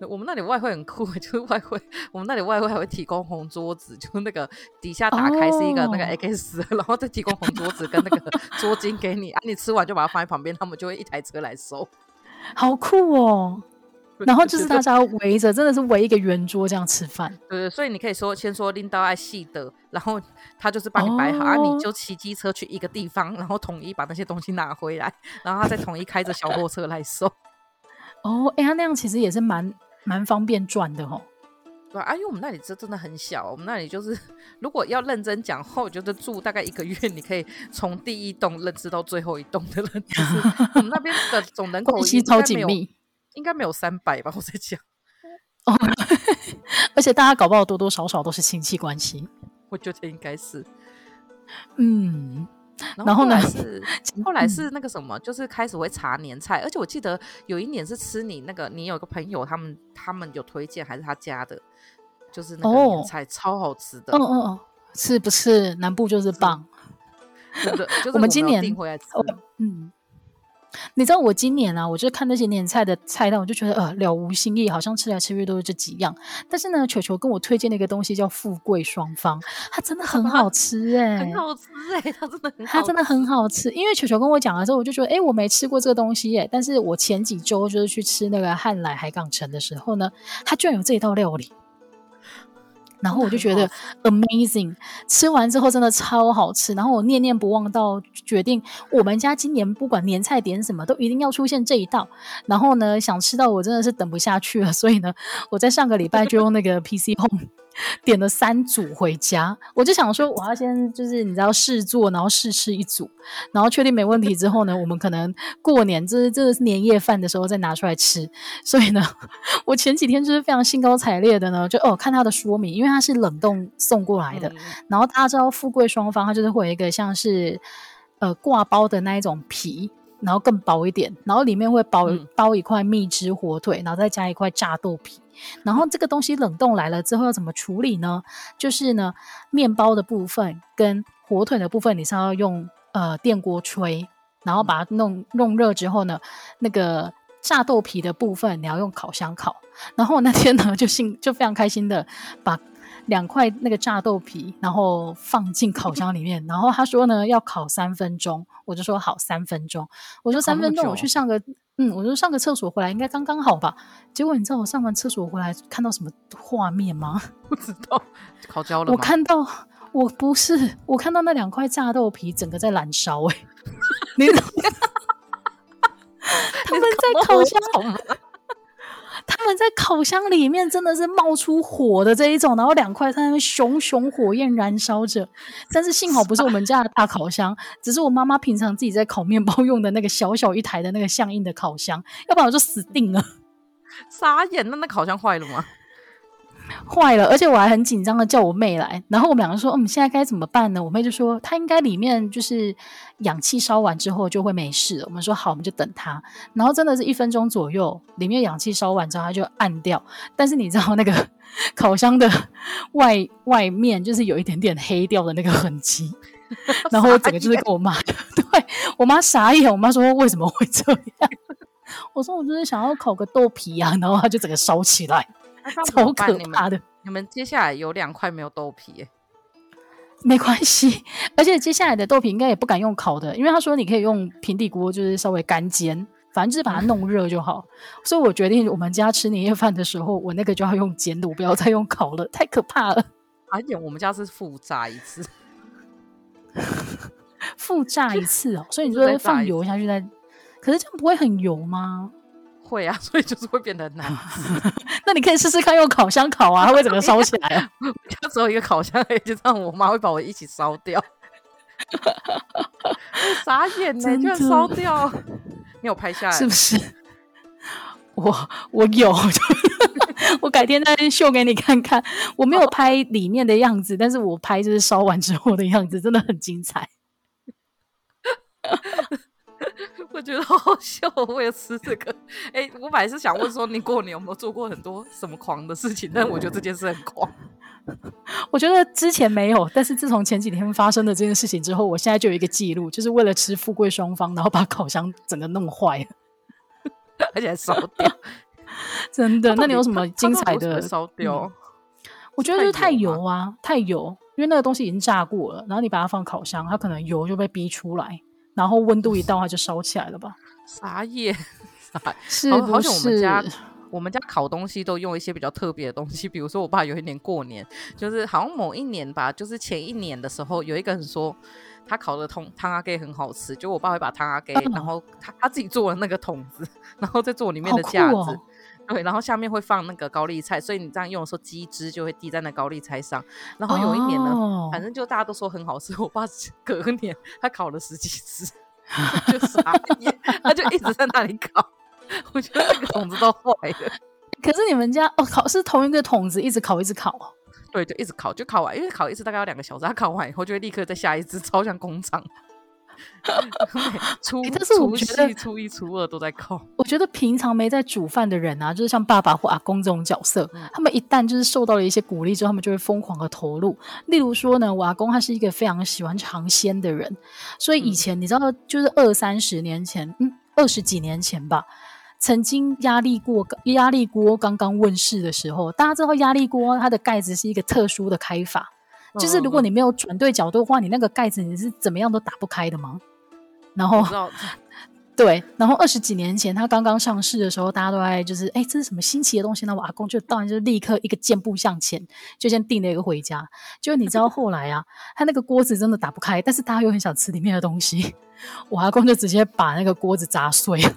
我們那裡外燴很酷，就是外燴。我們那裡外燴還會提供紅桌子，就那個底下打開是一個那個 X，、oh. 然後再提供紅桌子跟那個桌巾給你 (laughs) 啊。你吃完就把它放在旁邊，他們就會一台車來收，好酷哦。 (laughs) 然後就是大家圍着， (laughs) 真的是圍一個圓桌這樣吃飯。對,對,對，所以你可以說先說拎到愛細的，然後他就是幫你擺好啊，oh. 你就騎機車去一個地方，然後統一把那些東西拿回來，然後他再統一開着小貨車來收。 (laughs) 哦，哎、oh, 欸，他那樣其實也是蠻蠻方便賺的齁。對啊，因為我們那裡這真的很小，我們那裡就是如果要認真講的話，我覺得住大概一個月，你可以從第一棟認識到最後一棟的人。就是、我們那邊的總人口關 (laughs) 超緊密，應該沒有三百吧？我在講，哦， (laughs) 而且大家搞不好多多少少都是親戚關係，我覺得應該是，嗯。然後，後然後呢？後來是那個什麼，嗯、就是開始會查年菜，而且我記得有一年是吃你那個，你有個朋友他們他們有推薦，還是他家的，就是那個年菜、哦、超好吃的，嗯嗯、哦哦、是不是南部就是棒？是對就是我們，我們今年定回來吃，嗯。你知道我今年啊，我就看那些年菜的菜單，我就覺得呃了無新意，好像吃來吃去都是這幾樣。但是呢，球球跟我推薦的一個東西叫富貴雙方，它真的很好吃誒、欸，很好吃誒、欸，它真的很好，它真的很好吃。因為球球跟我講完之後，我就覺得誒、欸、我沒吃過這個東西誒、欸，但是我前幾週就是去吃那個漢來海港城的時候呢，它居然有這一道料理。然後我就覺得 amazing，吃，吃完之後真的超好吃。然後我念念不忘到決定，我們家今年不管年菜點什麼都一定要出現這一道。然後呢，想吃到我真的是等不下去了，所以呢，我在上個禮拜就用那個 PChome。 (laughs) 點了三組回家，我就想說我要先就是你知道試做，然後試吃一組，然後確定沒問題之後呢， (laughs) 我們可能過年、就是、這個年夜飯的時候再拿出來吃。所以呢，我前幾天就是非常興高采烈的呢，就哦看他的說明，因為它是冷凍送過來的。嗯嗯嗯然後大家知道富貴雙方，它就是會有一個像是呃刈包的那一種皮，然後更薄一點，然後裡面會包、嗯、包一塊蜜汁火腿，然後再加一塊炸豆皮。然後這個東西冷凍來了之後要怎麼處理呢？就是呢，麵包的部分跟火腿的部分你是要用呃電鍋吹，然後把它弄弄熱之後呢，那個炸豆皮的部分你要用烤箱烤。然後我那天呢就心就非常開心的把兩塊那個炸豆皮然後放進烤箱裡面， (laughs) 然後他說呢要烤三分鐘，我就說好三分鐘，我說三分鐘我去上個。嗯，我就上個廁所回來應該剛剛好吧？結果你知道我上完廁所回來看到什麼畫面嗎？不知道，烤焦了嗎？我看到，我不是，我看到那兩塊炸豆皮整個在燃燒、欸，誒，你懂嗎？他們在烤焦。 (laughs) 他們在烤箱裡面真的是冒出火的這一種，然後兩塊在那邊熊熊火焰燃燒着，但是幸好不是我們家的大烤箱，傻 只是我媽媽平常自己在烤麵包用的那個小小一台的那個相應的烤箱，要不然我就死定了。傻眼了，那，那烤箱壞了嗎？壞了，而且我還很緊張的叫我妹來，然後我們兩個說：“嗯，現在該怎麼辦呢？”我妹就說：“她應該裡面就是氧氣燒完之後就會沒事。”我們說：“好，我們就等她。”然後真的是一分鐘左右，裡面氧氣燒完之後，它就暗掉。但是你知道那個烤箱的外外面就是有一點點黑掉的那個痕跡，然後我整個就是跟我媽，傻眼 (laughs) 對我媽傻眼，我媽說：“為什麼會這樣？”我說：“我就是想要烤個豆皮啊。”然後她就整個燒起來。啊、超可怕的！你們接下來有兩塊沒有豆皮。欸，沒關係。而且接下來的豆皮應該也不敢用烤的，因為他說你可以用平底鍋，就是稍微乾煎，反正就是把它弄熱就好。 (laughs) 所以我決定，我們家吃年夜飯的時候，我那個就要用煎的，我不要再用烤了，太可怕了。而且、哎、我們家是復炸一次， (laughs) 復炸一次哦、喔。所以你說放油下去再， (laughs) 可是這樣不會很油嗎？會啊，所以就是會變得難。 (laughs) 那你可以試試看用烤箱烤啊，它會怎麼燒起來啊？我家 (laughs) 只有一個烤箱，也就這樣我媽會把我一起燒掉。 (laughs) 傻眼耶的居然燒掉！沒有拍下來？是不是？我我有， (laughs) 我改天再秀給你看看。我沒有拍裡面的樣子，oh. 但是我拍就是燒完之後的樣子，真的很精彩。 (laughs) 我覺得好笑，我也吃這個，哎、欸，我本來是想問說你過年有沒有做過很多什麼狂的事情，但我覺得這件事很狂。我覺得之前沒有，但是自從前幾天發生的這件事情之後，我現在就有一個記錄，就是為了吃富貴雙方，然後把烤箱整個弄壞了，而且還燒掉。 (laughs) 真的？那你有什麼精彩的燒掉、嗯？我覺得就是太油啊，太油，太油，因為那個東西已經炸過了，然後你把它放烤箱，它可能油就被逼出來。然後溫度一到，它就燒起來了吧？傻眼，是，是好像我們家我們家烤東西都用一些比較特別的東西，比如說我爸有一年過年，就是好像某一年吧，就是前一年的時候，有一個人說他烤的桶仔雞很好吃，就我爸會把桶仔雞，然後他他自己做了那個桶子，然後再做裡面的架子。對，然後下面會放那個高麗菜，所以你這樣用的時候，雞汁就會滴在那高麗菜上。然後有一年呢，Oh. 反正就大家都說很好吃，我爸隔年他烤了十幾隻， (laughs) 就是他， (laughs) 他就一直在那裡烤，我覺得那個桶子都壞了。 (laughs) 可是你們家哦，烤是同一個桶子，一直烤，一直烤，一直烤。對，就一直烤，就烤完，因為烤一次大概要兩個小時，他烤完以後就會立刻再下一隻，超像工廠。初，初一、 (laughs) 欸、初二都在扣。 (laughs) 我覺得平常沒在煮飯的人啊，就是像爸爸或阿公這種角色，他們一旦就是受到了一些鼓勵之後，他們就會瘋狂的投入。例如說呢，我阿公他是一個非常喜歡嘗鮮的人，所以以前你知道，就是二三十年前，嗯，二十幾年前吧，曾經壓力鍋壓力鍋剛剛問世的時候，大家知道壓力鍋它的蓋子是一個特殊的開法。就是如果你沒有轉對角度的話，嗯嗯你那個蓋子你是怎麼樣都打不開的嗎？然後，對，然後二十幾年前它剛剛上市的時候，大家都在就是，哎、欸，這是什麼新奇的東西呢？我阿公就當然就立刻一個箭步向前，就先訂了一個回家。就你知道後來啊， (laughs) 他那個鍋子真的打不開，但是大家又很想吃裡面的東西，我阿公就直接把那個鍋子砸碎了，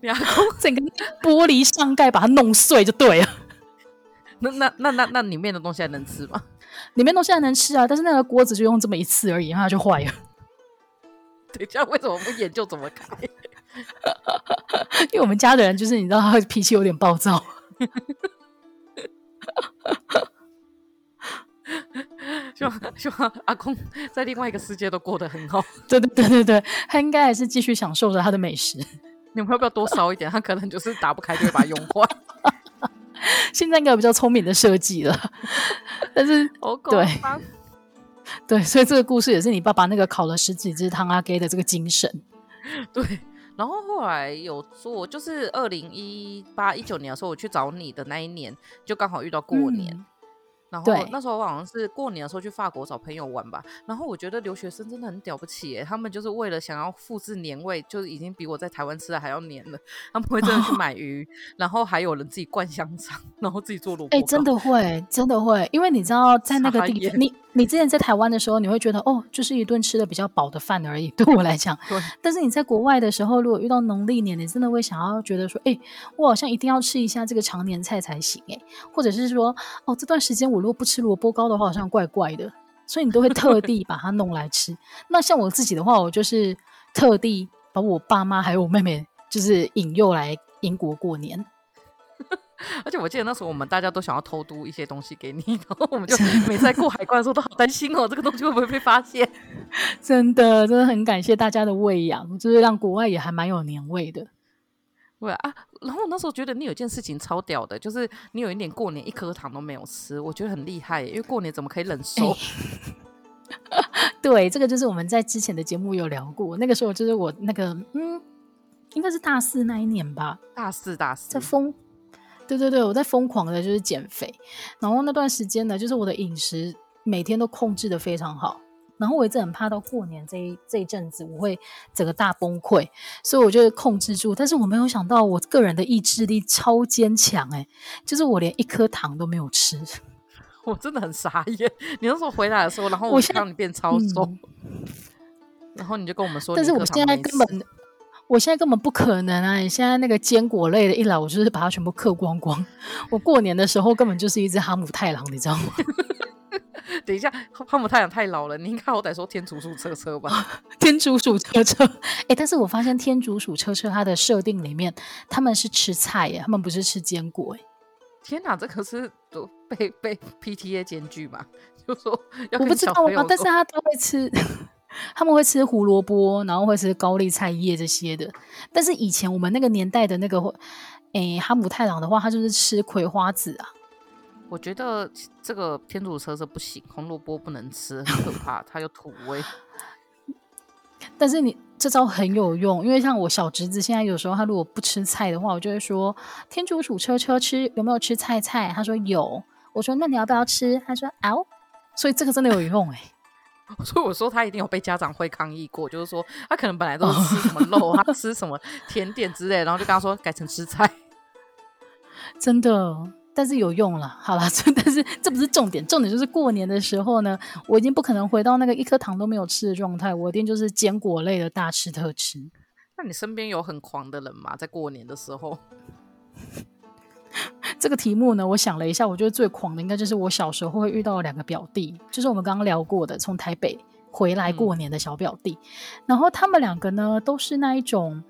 然後整個玻璃上蓋把它弄碎就對了。那那那那那裡面的東西還能吃嗎？裡面東西還能吃啊，但是那個鍋子就用這麼一次而已，然後它就壞了。對，這樣為什麼不研究怎麼開？因為我們家的人就是你知道，他脾氣有點暴躁。 (laughs) 希望希望阿公在另外一個世界都過得很好。對對對對對，他應該還是繼續享受着他的美食。你們要不要多燒一點？他可能就是打不開，就會把它用壞。 (laughs) 現在應該有比較聰明的設計了，但是好恐對對，所以這個故事也是你爸爸那個烤了十幾隻桶仔雞的這個精神。對，然後後來有做，就是二零一八一九年的時候，我去找你的那一年，就剛好遇到過年。嗯然後，對那時候我好像是過年的時候去法國找朋友玩吧，然後我覺得留學生真的很了不起誒、欸，他們就是為了想要複製年味，就已經比我在台灣吃的還要年了。他們不會真的去買魚，oh、然後還有人自己灌香腸，然後自己做蘿蔔糕。哎、欸，真的會，真的會，因為你知道在那個地方眼你。你之前在台灣的時候，你會覺得哦，就是一頓吃的比較飽的飯而已。對我來講，對。但是你在國外的時候，如果遇到農曆年，你真的會想要覺得說，誒，我好像一定要吃一下這個長年菜才行，誒，或者是說，哦，這段時間我如果不吃蘿蔔糕的話，好像怪怪的，所以你都會特地把它弄來吃。對那像我自己的話，我就是特地把我爸媽還有我妹妹，就是引誘來英國過年。而且我記得那時候我們大家都想要偷渡一些東西給你，然後我們就每在過海關的時候都好擔心哦、喔， (laughs) 這個東西會不會被發現？真的真的很感謝大家的餵養，就是讓國外也還蠻有年味的。喂啊，啊，然後我那時候覺得你有件事情超屌的，就是你有一年過年一顆糖都沒有吃，我覺得很厲害，因為過年怎麼可以忍受？欸、 (laughs) 對，這個就是我們在之前的節目有聊過，那個時候就是我那個嗯，應該是大四那一年吧，大四大四在風。對對對，我在瘋狂的就是減肥，然後那段時間呢，就是我的飲食每天都控制得非常好，然後我一直很怕到過年這一這一陣子我會整個大崩潰，所以我就控制住。但是我沒有想到，我個人的意志力超堅強，欸，哎，就是我連一顆糖都沒有吃，我真的很傻眼。你那時候回來的時候，然後我想讓你變超重，嗯，然後你就跟我們說，但是我現在根本。我現在根本不可能啊！你現在那個堅果類的一來，我就是把它全部嗑光光。我過年的時候根本就是一只哈姆太郎，你知道嗎？ (laughs) 等一下，哈姆太郎太老了，你應該好歹說天竺鼠車車吧？天竺鼠車車，哎、欸，但是我發現天竺鼠車車它的設定裡面，他們是吃菜耶，他們不是吃堅果哎！天哪、啊，這可、個、是被被 PTA 檢舉嘛？就說，說我不知道，但是他都會吃。他們會吃胡蘿蔔，然後會吃高麗菜葉這些的。但是以前我們那個年代的那個，誒、欸，哈姆太郎的話，他就是吃葵花籽啊。我覺得這個天竺鼠車車不行，紅蘿蔔不能吃，很可怕，它有土味。 (laughs) 但是你這招很有用，因為像我小侄子現在有時候，他如果不吃菜的話，我就會說天竺鼠車車吃有沒有吃菜菜？他說有，我說那你要不要吃？他說嗷、哦、所以這個真的有用誒、欸。’ (laughs) 所以我說他一定有被家長會抗議過，就是說他可能本來都是吃什麼肉啊，oh. (laughs) 吃什麼甜點之類，然後就跟他說改成吃菜，真的，但是有用了，好了，但是這不是重點，重點就是過年的時候呢，我已經不可能回到那個一顆糖都沒有吃的狀態，我一定就是堅果類的大吃特吃。那你身邊有很狂的人嗎？在過年的時候？ (laughs) 這個題目呢，我想了一下，我覺得最狂的應該就是我小時候會遇到的兩個表弟，就是我們剛剛聊過的從台北回來過年的小表弟。嗯、然後他們兩個呢，都是那一種，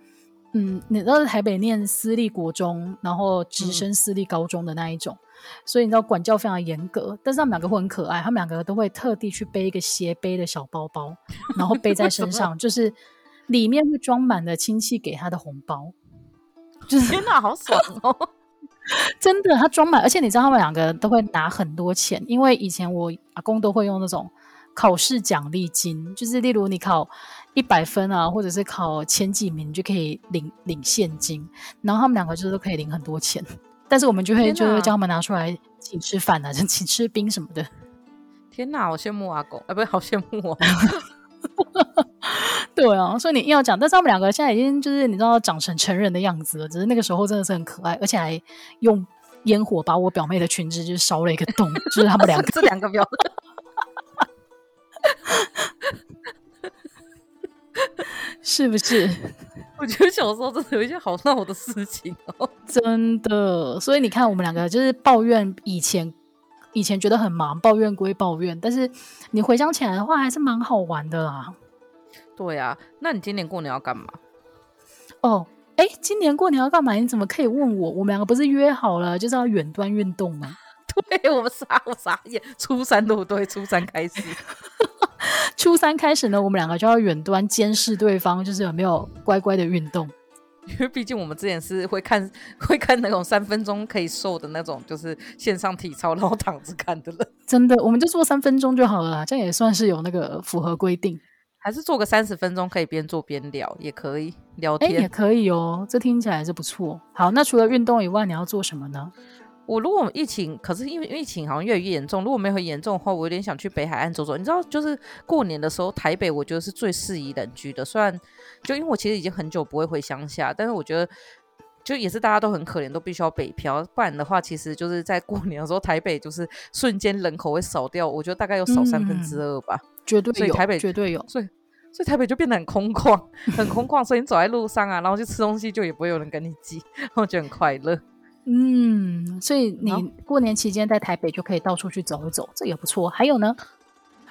嗯，你知道台北念私立國中，然後直升私立高中的那一種，嗯、所以你知道管教非常嚴格。但是他們兩個會很可愛，他們兩個都會特地去背一個斜背的小包包，然後背在身上， (laughs) 麼就是裡面會裝滿了親戚給他的紅包。就是、天哪，好爽哦！ (laughs) 真的，他裝滿，而且你知道他們兩個都會拿很多錢，因為以前我阿公都會用那種考試獎勵金，就是例如你考一百分啊，或者是考前幾名就可以領領現金，然後他們兩個就是都可以領很多錢，但是我們就會哪就會叫他們拿出來請吃飯啊，就請吃冰什麼的。天哪，好羨慕我阿公啊，不是好羨慕哦。 (laughs) 對啊，所以你硬要講，但是他們兩個現在已經就是你知道長成成人的樣子了，只是那個時候真的是很可愛，而且還用煙火把我表妹的裙子就燒了一個洞， (laughs) 就是他們兩個這兩個表，是不是？我覺得小時候真的有一件好鬧的事情哦， (laughs) 真的。所以你看，我們兩個就是抱怨以前，以前覺得很忙，抱怨歸抱怨，但是你回想起來的話，還是蠻好玩的啦。對呀、啊，那你今年過年要幹嘛？哦，哎、欸，今年過年要幹嘛？你怎麼可以問我？我們兩個不是約好了就是要遠端運動嗎？ (laughs) 對，我傻，我傻眼。初三都對，初三開始， (laughs) 初三開始呢，我們兩個就要遠端監視對方，就是有沒有乖乖的運動。因為畢竟我們之前是會看會看那種三分鐘可以瘦的那種，就是線上體操，然後躺着看的了。真的，我們就做三分鐘就好了，這也算是有那個符合規定。還是做個三十分鐘，可以邊做邊聊，也可以聊天、欸。也可以哦，這聽起來還是不錯。好，那除了運動以外，你要做什麼呢？我如果疫情，可是因為疫情好像越來越嚴重。如果沒有很嚴重的話，我有點想去北海岸走走。你知道，就是過年的時候，台北我覺得是最適宜人居的。雖然就因為我其實已經很久不會回鄉下，但是我覺得就也是大家都很可憐，都必須要北漂。不然的話，其實就是在過年的時候，台北就是瞬間人口會少掉。我覺得大概有少三分之二吧。嗯。絕對有，台北絕對有，所以所以台北就變得很空曠，很空曠，所以你走在路上啊， (laughs) 然後去吃東西，就也不會有人跟你擠，然後就很快樂。嗯，所以你過年期間在台北就可以到處去走一走，這也不錯。還有呢？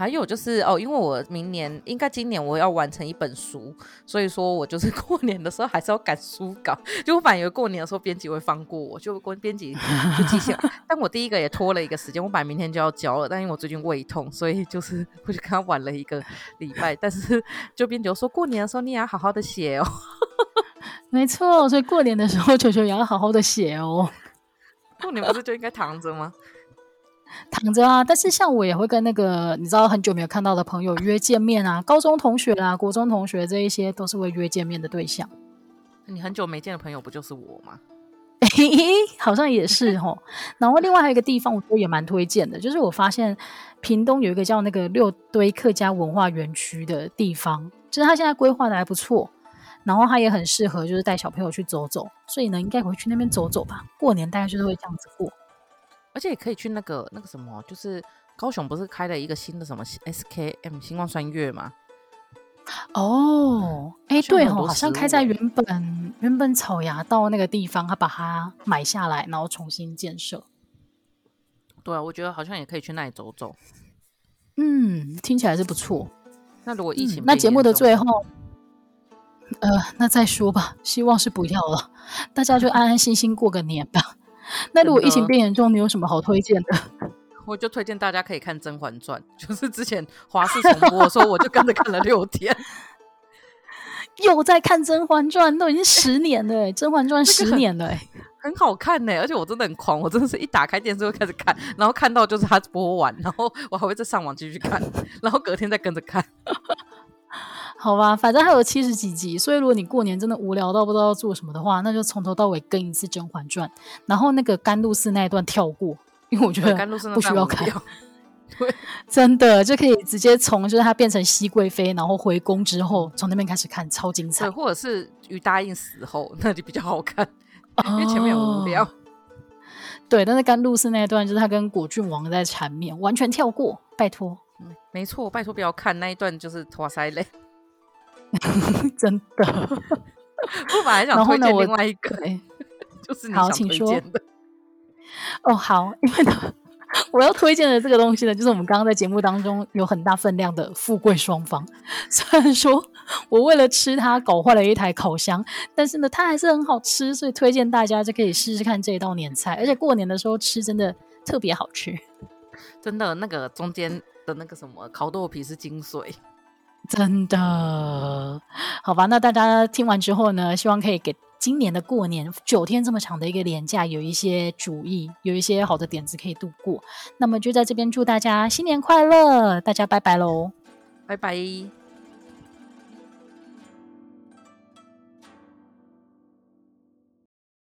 還有就是哦，因為我明年應該今年我要完成一本書，所以說我就是過年的時候還是要改書稿。就我本來以為過年的時候編輯會放過我，就過編輯就寄信， (laughs) 但我第一個也拖了一個時間。我本來明天就要交了，但因為我最近胃痛，所以就是會就晚了一個禮拜。但是就編輯說過年的時候你也要好好的寫哦， (laughs) 沒錯。所以過年的時候球球也要好好的寫哦。過年不是就應該躺着嗎？躺着啊，但是像我也會跟那個你知道很久沒有看到的朋友約見面啊，高中同學啊，國中同學這一些都是會約見面的對象。你很久沒見的朋友不就是我嗎？嘿， (laughs) 好像也是哦。然後另外還有一個地方，我覺得也蠻推薦的，就是我發現屏東有一個叫那個六堆客家文化園區的地方，就是它現在規劃的還不錯，然後它也很適合就是帶小朋友去走走，所以呢應該也會去那邊走走吧。過年大概就是會這樣子過。而且也可以去那個那個什麼，就是高雄不是開了一個新的什麼 SKM 新光三越嗎？哦，哎，對哦，好像開在原本原本草衙道那個地方，他把它買下來，然後重新建設。對啊，我覺得好像也可以去那裡走走。嗯，聽起來是不錯。那如果疫情、嗯……那節目的最後，呃，那再說吧。希望是不要了，大家就安安心心過個年吧。那如果疫情變嚴重，真的？你有什麼好推薦的？我就推薦大家可以看《甄嬛傳》，就是之前華視重播的時候，我就跟着看了六天。又 (laughs) 在看《甄嬛傳》，都已經十年了、欸， (laughs) 《甄嬛傳》十年了、欸很，很好看呢、欸。而且我真的很狂，我真的是一打開電視就開始看，然後看到就是它播完，然後我還會再上網繼續看，然後隔天再跟着看。 (laughs) 好吧，反正還有七十幾集，所以如果你過年真的無聊到不知道要做什麼的話，那就從頭到尾跟一次《甄嬛傳》，然後那個甘露寺那一段跳過，因為我覺得甘露寺不需要看，對要對 (laughs) 真的就可以直接從就是她變成熹貴妃，然後回宮之後從那邊開始看，超精彩。或者是余答應死後那就比較好看， (laughs) 因為前面很無聊、哦。對，但是甘露寺那一段就是她跟果郡王在纏綿，完全跳過，拜托。嗯，沒錯，拜托不要看那一段，就是拖腮嘞。 (laughs) 真的，我本來想推薦另外一個呢， (laughs) 就是你好請說哦，好，因為呢，我要推薦的這個東西呢，就是我們剛剛在節目當中有很大分量的富貴雙方。雖然說我為了吃它搞壞了一台烤箱，但是呢，它還是很好吃，所以推薦大家就可以試試看這道年菜。而且過年的時候吃真的特別好吃，真的，那個中間的那個什麼烤豆皮是精髓。真的，好吧，那大家聽完之後呢，希望可以給今年的過年九天這麼長的一個連假有一些主意，有一些好的點子可以度過。那麼就在這邊祝大家新年快樂，大家拜拜嘍，拜拜。